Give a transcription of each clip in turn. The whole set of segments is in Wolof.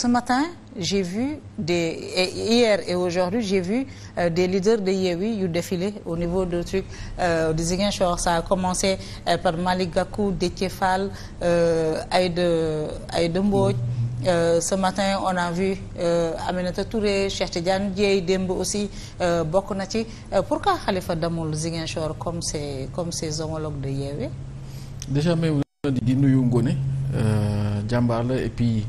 Ce matin, j'ai vu des et hier et aujourd'hui, j'ai vu euh, des leaders de Yewwi yu défiler au niveau de trucs euh, de Ziguinchor. Ça a commencé euh, par Malick Gakou, Déthié Fall, euh, Aïda Aïda Mbodj. Ce matin, on a vu Aminata Touré, Cheikh Tidiane Dièye démb aussi bokk na ci. Pourquoi Khalifa demul Ziguinchor comme ses comme ses homologues de Yewwi? Déjà, mais di nuyu Ngoné jàmbaar et puis.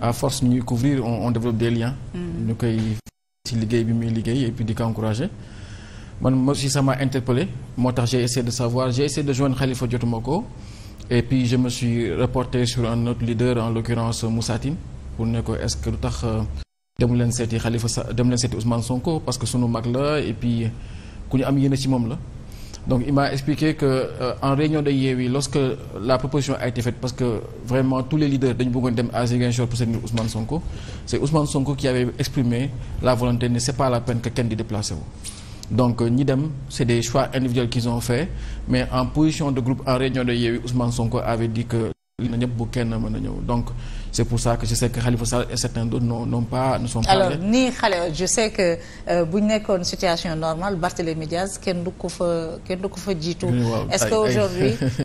à force ñuy couvrir on, on développe des liens. Mm. ñu koy ci liggéey bi muy liggéey et puis di ko encouragé. man mo sama interpellé moo tax j'ai essayé de savoir j'ai essayé de joindre Khalifa jotuma ko et puis je me suis reporté sur un autre leader en l'occurrence Moussa pour ne ko que lu tax euh, dem leen seeti xalifa Khalifa dem leen seeti Ousmane Sonko parce que sunu mag la et puis ku ñu am yéene ci moom la. donc il m'a expliqué que euh, en réunion de Yewwi lorsque la proposition a été faite parce que vraiment tous les leaders dañu bëggoon dem à Ziguinchor pour soutenir Ousmane Sonko c'est Ousmane Sonko qui avait exprimé la volonté ne c'est pas la peine que kenn di déplacé donc euh, ñi dem c'est des choix individuels qu'ils ont fait mais en position de groupe en réunion de Yewwi Ousmane Sonko avait dit que na ñëpp bu kenn mën a ñëw donc c'est pour ça que je sais que Khalifa Sall alors nii xale je sais que euh, bu ñu nekkoon situation normale Barthélémy Diaz kenn du ko fa kenn du ko fa jiitu est-ce que aujourd'hui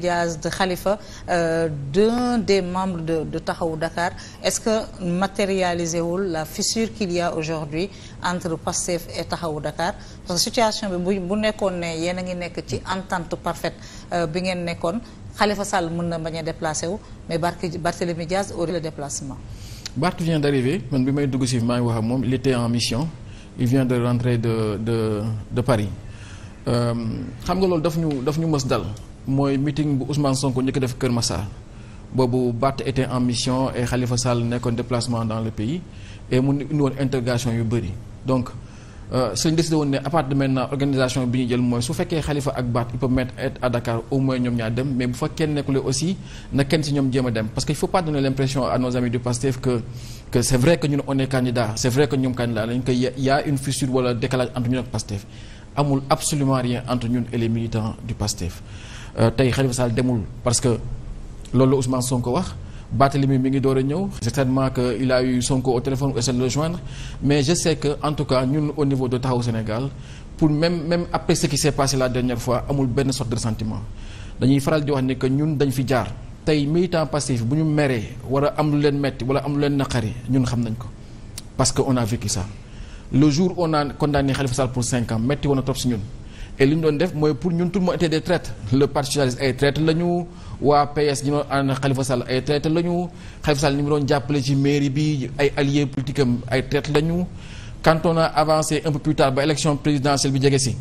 Diaz de Khalifa euh, d'un des membres de, de Taxawu Dakar est-ce que matérialisé wul la fissure qu'il aujourd'hui entre Pastef et Taxawu Dakar parce que situation bi bu bu nekkoon ne yéen a ngi nekk ci entente parfaite euh, bi ngeen nekkoon xalifa Sall mun na bañ a déplacé wu mais Barth Barthélémy Diaz aurait le déplacement. Barth vient d'arriver man bi may dugg si maa ngi wax ak moom il était en mission il vient de rentrer de de de Paris euh, xam nga loolu daf ñu daf ñu mës dal mooy meeting bu Ousmane Sonko njëkk def Kër Massar boobu Barth était en mission et Khalifa Sall nekkoon déplacement dans le pays et mu indi woon interrogation yu bëri donc. Euh, sëñ décidé woon ne à partir organisation bi ñu jël mooy su fekkee xalifa ak baat il peut mettre être à Dakar au moins ñoom ñaar dem mais bu fa kenn nekkulee aussi na kenn si ñoom jéem a dem parce que il faut pas donner l'impression à nos amis du PASTEF que que c'est vrai que ñun on est candidat c'est vrai que ñoom candidat lañ une fissure wala décalage entre ñun ak PASTEF amul absolument rien entre ñun et les du PASTEF euh, tey Khalifa Sall demul parce wax Barthélemy mi ngi door a ñëw certainement que il a eu Sonko au téléphone ou essaie de joindre mais je sais que en tout cas ñun au niveau de Taxawu Sénégal pour même même après ce qui s'est la dernière fois amul benn sorte de sentiment dañuy faral di wax ne que ñun dañ fi jaar tey militant passif bu ñu meree war a am lu leen metti wala am lu leen naqari ñun xam nañ ko parce que on a vécu ça le jour on a condamné Khalifa Sall pour cinq ans metti woon na trop si ñun et li ñu doon def mooy pour ñun tout it monde était des traîtres le parti socialiste ay traîtres la ñu waa PS ñu doon ànd Khalifa Sall ay traîtres la ñu Khalifa Sall mu doon jàppale ci mairie bi ay alliés politiques ay traîtres la ñu quand on a avancé un peu plus tard ba élection présidentielle bi jege si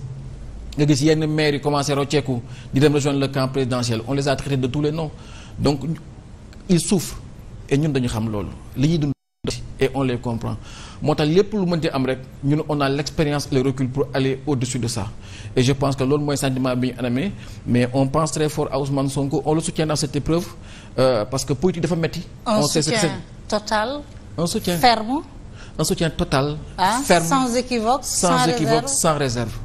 nga gis yenn maires yi commencé rocceeku di dem rejoindre le camp présidentiel on les a traités de tous les noms donc ils souffrent et ñun dañu xam loolu li ñuy dund et on les comprend moo tax lépp lu mënti am rek ñun on a l'expérience le recul pour aller au-dessus de ça et je pense que loolu mooy sentiment bi ñu anamee mais on pense très fort à Ousmane Sonko on le soutient dans cette épreuve euh, parce que politique dafa metti on soutien total un soutien ferme un soutien total ah, ferme sans équivoque sans, sans équivoque réserve. sans réserve